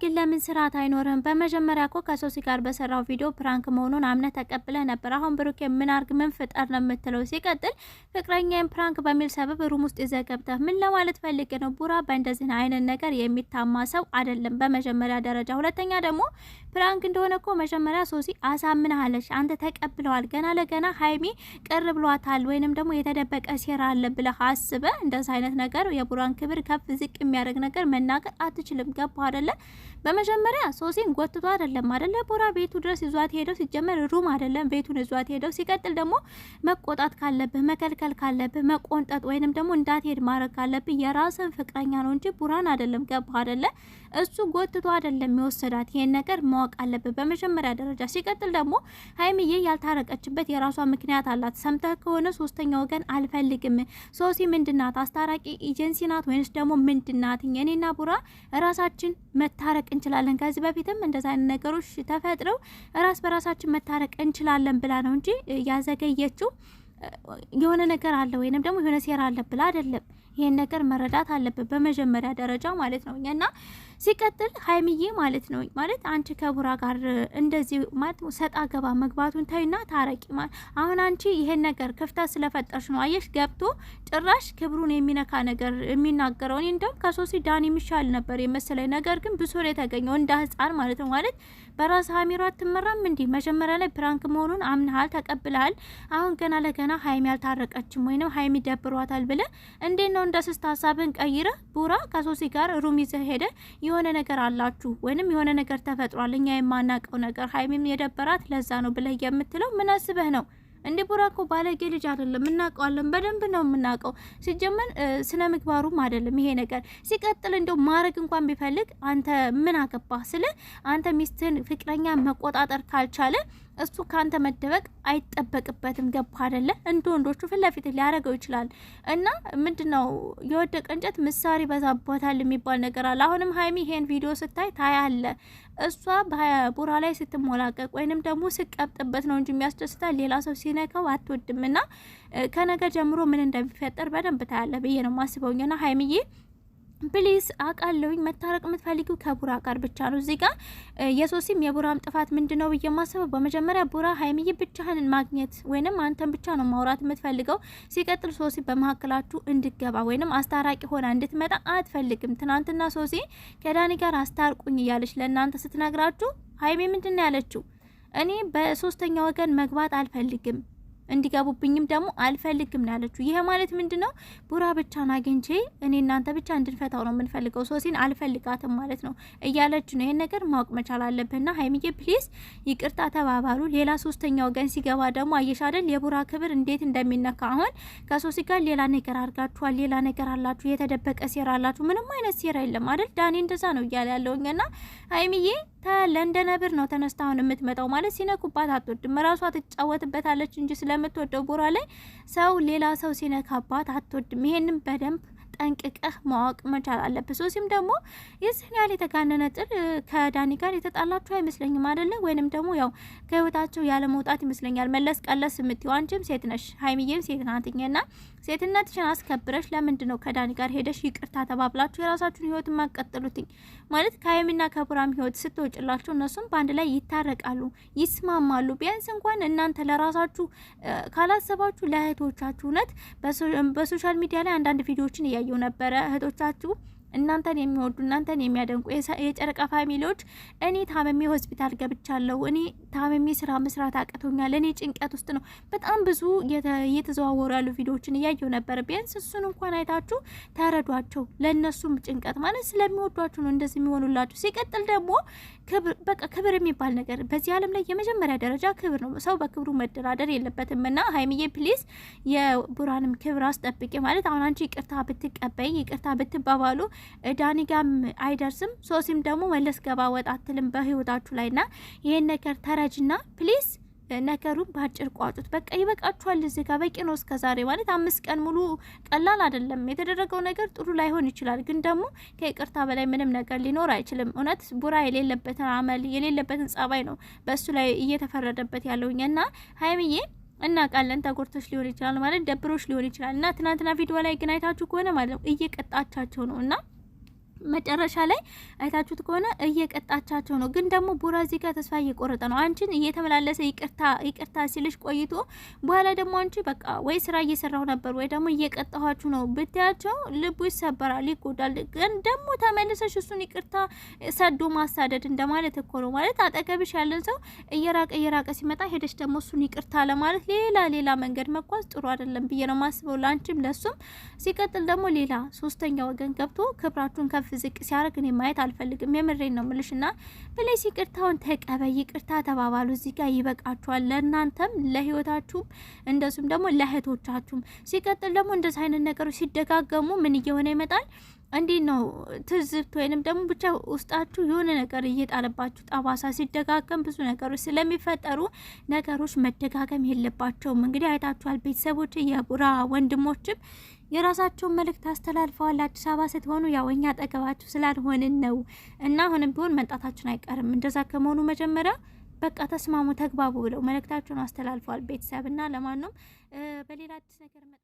ግን ለምን ስርዓት አይኖርህም? በመጀመሪያ እኮ ከሶሲ ጋር በሰራው ቪዲዮ ፕራንክ መሆኑን አምነ ተቀብለ ነበር። አሁን ብሩኬ ምን አርግ ምን ፍጠር ነው የምትለው? ሲቀጥል ፍቅረኛን ፕራንክ በሚል ሰበብ ሩም ውስጥ ይዘህ ምን ለማለት ፈልግ ነው? ቡራ በእንደዚህ አይነት ነገር የሚታማ ሰው አይደለም፣ በመጀመሪያ ደረጃ። ሁለተኛ ደግሞ ፕራንክ እንደሆነ ኮ መጀመሪያ ሶሲ አሳምናሃለች፣ አንተ ተቀብለዋል። ገና ለገና ሀይሚ ቅር ብሏታል፣ ወይንም ደግሞ የተደበቀ ሴራ አለ ብለህ አስበህ እንደዚህ አይነት ነገር የቡራን ክብር ከፍ ዝቅ የሚያደርግ ነገር መናገር አትችልም። ገባ አይደለም? በመጀመሪያ ሶሲን ጎትቶ አይደለም አይደለ ቦራ ቤቱ ድረስ ይዟት ሄደው፣ ሲጀመር ሩም አይደለም ቤቱን ይዟት ሄደው። ሲቀጥል ደግሞ መቆጣት ካለብህ መከልከል ካለብህ መቆንጠጥ ወይንም ደግሞ እንዳትሄድ ማድረግ ካለብህ የራስን ፍቅረኛ ነው እንጂ ቡራን አይደለም። ገባህ አይደለ? እሱ ጎትቶ አይደለም የወሰዳት። ይሄን ነገር ማወቅ አለብህ በመጀመሪያ ደረጃ። ሲቀጥል ደግሞ ሀይምዬ ያልታረቀችበት የራሷ ምክንያት አላት። ሰምተህ ከሆነ ሶስተኛ ወገን አልፈልግም። ሶሲ ምንድናት? አስታራቂ ኤጀንሲ ናት ወይንስ ደግሞ ምንድናት? እኔና ቡራ ራሳችን መታ መታረቅ እንችላለን፣ ከዚህ በፊትም እንደዚ አይነት ነገሮች ተፈጥረው ራስ በራሳችን መታረቅ እንችላለን ብላ ነው እንጂ ያዘገየችው የሆነ ነገር አለ ወይንም ደግሞ የሆነ ሴራ አለ ብላ አይደለም። ይህን ነገር መረዳት አለብን በመጀመሪያ ደረጃ ማለት ነው እና ሲቀጥል ሀይምዬ ማለት ነው ማለት አንቺ ከቡራ ጋር እንደዚህ ማለት ሰጣ ገባ መግባቱን ታይና ታረቂ። አሁን አንቺ ይሄን ነገር ክፍተት ስለፈጠርሽ ነው። አየሽ ገብቶ ጭራሽ ክብሩን የሚነካ ነገር የሚናገረው እኔ እንደውም ከሶሲ ዳን የሚሻል ነበር የመሰለኝ። ነገር ግን ብሶ የተገኘው እንደ ህፃን ማለት ነው ማለት በራስ ሀሚሮ አትመራም። እንዲህ መጀመሪያ ላይ ፕራንክ መሆኑን አምንሃል፣ ተቀብለሃል። አሁን ገና ለገና ሀይሚ አልታረቀችም ወይንም ሀይሚ ደብሯታል ብለ እንዴት ነው እንደ ስስት ሀሳብን ቀይረ ቡራ ከሶሲ ጋር ሩም ይዘህ ሄደ የሆነ ነገር አላችሁ ወይንም የሆነ ነገር ተፈጥሯል እኛ የማናውቀው ነገር ሀይሚም የደበራት ለዛ ነው ብለህ የምትለው ምን አስበህ ነው? እንደ ቡራ እኮ ባለጌ ልጅ አይደለም፣ እናውቀዋለን። በደንብ ነው የምናውቀው። ሲጀመር ስነ ምግባሩም አይደለም ይሄ ነገር። ሲቀጥል እንደው ማድረግ እንኳን ቢፈልግ አንተ ምን አገባህ ስለ አንተ ሚስትህን ፍቅረኛ መቆጣጠር ካልቻለ እሱ ከአንተ መደበቅ አይጠበቅበትም። ገባ አደለ? እንደ ወንዶቹ ፊት ለፊት ሊያደርገው ይችላል። እና ምንድነው የወደቀ እንጨት ምሳር ይበዛበታል የሚባል ነገር አለ። አሁንም ሀይሚ ይሄን ቪዲዮ ስታይ ታያለ። እሷ ቡራ ላይ ስትሞላቀቅ ወይንም ደግሞ ስቀብጥበት ነው እንጂ የሚያስደስታል ሌላ ሰው ሲነካው አትወድም። ና ከነገ ጀምሮ ምን እንደሚፈጠር በደንብ ታያለ ብዬ ነው ማስበውኝ ሀይሚዬ ፕሊስ አቃለውኝ መታረቅ የምትፈልጊ ከቡራ ጋር ብቻ ነው። እዚህ ጋር የሶሲም የቡራም ጥፋት ምንድን ነው ብዬ ማሰበው በመጀመሪያ ቡራ ሀይሚዬ ብቻህንን ማግኘት ወይንም አንተን ብቻ ነው ማውራት የምትፈልገው። ሲቀጥል ሶሲ በመካከላችሁ እንድገባ ወይንም አስታራቂ ሆና እንድትመጣ አትፈልግም። ትናንትና ሶሲ ከዳኒ ጋር አስታርቁኝ እያለች ለእናንተ ስትነግራችሁ ሀይሚ ምንድን ነው ያለችው? እኔ በሶስተኛ ወገን መግባት አልፈልግም እንዲገቡብኝም ደግሞ አልፈልግም ነው ያለችው። ይሄ ማለት ምንድን ነው? ቡራ ብቻን አግኝቼ እኔ እናንተ ብቻ እንድንፈታው ነው የምንፈልገው፣ ሶሲን አልፈልጋትም ማለት ነው እያለች ነው። ይሄን ነገር ማወቅ መቻል አለብህና ሀይሚዬ ፕሊዝ ይቅርታ ተባባሉ። ሌላ ሶስተኛ ወገን ሲገባ ደግሞ አየሻደል የቡራ ክብር እንዴት እንደሚነካ አሁን ከሶሲ ጋር ሌላ ነገር አድርጋችኋል፣ ሌላ ነገር አላችሁ፣ የተደበቀ ሴራ አላችሁ። ምንም አይነት ሴራ የለም አይደል? ዳኔ እንደዛ ነው እያለ ያለውኝና ሀይሚዬ ከለንደን ብር ነው ተነስታ አሁን የምትመጣው ማለት ሲነኩባት አትወድም። ራሷ ትጫወትበታለች እንጂ ስለምትወደው ቦራ ላይ ሰው ሌላ ሰው ሲነካባት አትወድም። ይሄንም በደንብ ጠንቅቀህ ማወቅ መቻል አለብህ። ሶሲም ደግሞ የዚህን ያህል የተጋነነ ጥል ከዳኒ ጋር የተጣላችሁ አይመስለኝም አደለ? ወይንም ደግሞ ያው ከህይወታቸው ያለ መውጣት ይመስለኛል። መለስ ቀለስ የምትይው አንቺም ሴት ነሽ፣ ሀይሚዬም ሴት ናትኝና ሴትነትሽን አስከብረሽ ለምንድን ነው ከዳኒ ጋር ሄደሽ ይቅርታ ተባብላችሁ የራሳችሁን ህይወት ማቀጥሉትኝ? ማለት ከሀይሚና ከቡራም ህይወት ስትወጭላቸው እነሱም በአንድ ላይ ይታረቃሉ፣ ይስማማሉ። ቢያንስ እንኳን እናንተ ለራሳችሁ ካላሰባችሁ ለእህቶቻችሁ እውነት በሶሻል ሚዲያ ላይ አንዳንድ ቪዲዮዎችን እያ እያዩ ነበረ እህቶቻችሁ እናንተን የሚወዱ እናንተን የሚያደንቁ የጨረቃ ፋሚሊዎች፣ እኔ ታመሜ ሆስፒታል ገብቻለሁ፣ እኔ ታመሜ ስራ መስራት አቅቶኛል፣ እኔ ጭንቀት ውስጥ ነው። በጣም ብዙ እየተዘዋወሩ ያሉ ቪዲዮዎችን እያየው ነበር። ቢያንስ እሱን እንኳን አይታችሁ ተረዷቸው። ለእነሱም ጭንቀት ማለት ስለሚወዷችሁ ነው እንደዚህ የሚሆኑላችሁ። ሲቀጥል ደግሞ በቃ ክብር የሚባል ነገር በዚህ ዓለም ላይ የመጀመሪያ ደረጃ ክብር ነው። ሰው በክብሩ መደራደር የለበትም እና ሀይሚዬ ፕሊስ የቡራንም ክብር አስጠብቂ። ማለት አሁን አንቺ ይቅርታ ብትቀበይ ይቅርታ ብትባባሉ ዳኒ ጋም አይደርስም። ሶሲም ደግሞ መለስ ገባ ወጣ አትልም በህይወታችሁ ላይና ይህን ነገር ተረጅና ፕሊዝ ነገሩን በአጭር ቋጡት። በቃ ይበቃችኋል። እዚህ ጋር በቂ ነው። እስከ ዛሬ ማለት አምስት ቀን ሙሉ ቀላል አይደለም። የተደረገው ነገር ጥሩ ላይሆን ይችላል፣ ግን ደግሞ ከይቅርታ በላይ ምንም ነገር ሊኖር አይችልም። እውነት ቡራ የሌለበትን አመል የሌለበትን ጸባይ ነው በእሱ ላይ እየተፈረደበት ያለውኝ እና ሀይምዬ እናውቃለን ተጎድተሽ ሊሆን ይችላል ማለት ደብሮሽ ሊሆን ይችላል እና ትናንትና ቪዲዮ ላይ ግን አይታችሁ ከሆነ ማለት ነው እየቀጣቻቸው ነው እና መጨረሻ ላይ አይታችሁት ከሆነ እየቀጣቻቸው ነው። ግን ደግሞ ቡራ እዚህ ጋር ተስፋ እየቆረጠ ነው። አንቺን እየተመላለሰ ይቅርታ ይቅርታ ሲልሽ ቆይቶ በኋላ ደግሞ አንቺ በቃ ወይ ስራ እየሰራሁ ነበር ወይ ደግሞ እየቀጣኋችሁ ነው ብትያቸው ልቡ ይሰበራል፣ ይጎዳል። ግን ደግሞ ተመልሰሽ እሱን ይቅርታ ሰዶ ማሳደድ እንደማለት እኮ ነው። ማለት አጠገብሽ ያለን ሰው እየራቀ እየራቀ ሲመጣ ሄደሽ ደግሞ እሱን ይቅርታ ለማለት ሌላ ሌላ መንገድ መጓዝ ጥሩ አይደለም ብዬ ነው ማስበው፣ ለአንቺም ለሱም። ሲቀጥል ደግሞ ሌላ ሶስተኛ ወገን ገብቶ ክብራችሁን ከፍ ዝቅ ሲያደርግ እኔ ማየት አልፈልግም። የምሬን ነው ምልሽ ና ብለሽ ይቅርታውን ተቀበይ፣ ይቅርታ ተባባሉ። እዚህ ጋር ይበቃችኋል፣ ለእናንተም ለህይወታችሁም፣ እንደሱም ደግሞ ለእህቶቻችሁም። ሲቀጥል ደግሞ እንደዚህ አይነት ነገሮች ሲደጋገሙ ምን እየሆነ ይመጣል? እንዲህ ነው ትዝብት ወይንም ደግሞ ብቻ ውስጣችሁ የሆነ ነገር እየጣለባችሁ ጠባሳ ሲደጋገም ብዙ ነገሮች ስለሚፈጠሩ ነገሮች መደጋገም የለባቸውም። እንግዲህ አይታችኋል ቤተሰቦች የቡራ ወንድሞችም የራሳቸውን መልእክት አስተላልፈዋል። አዲስ አበባ ስትሆኑ ያው እኛ አጠገባችሁ ስላልሆንን ነው እና አሁንም ቢሆን መምጣታችን አይቀርም። እንደዛ ከመሆኑ መጀመሪያ በቃ ተስማሙ፣ ተግባቡ ብለው መልእክታቸውን አስተላልፈዋል። ቤተሰብና ለማንም በሌላ አዲስ ነገር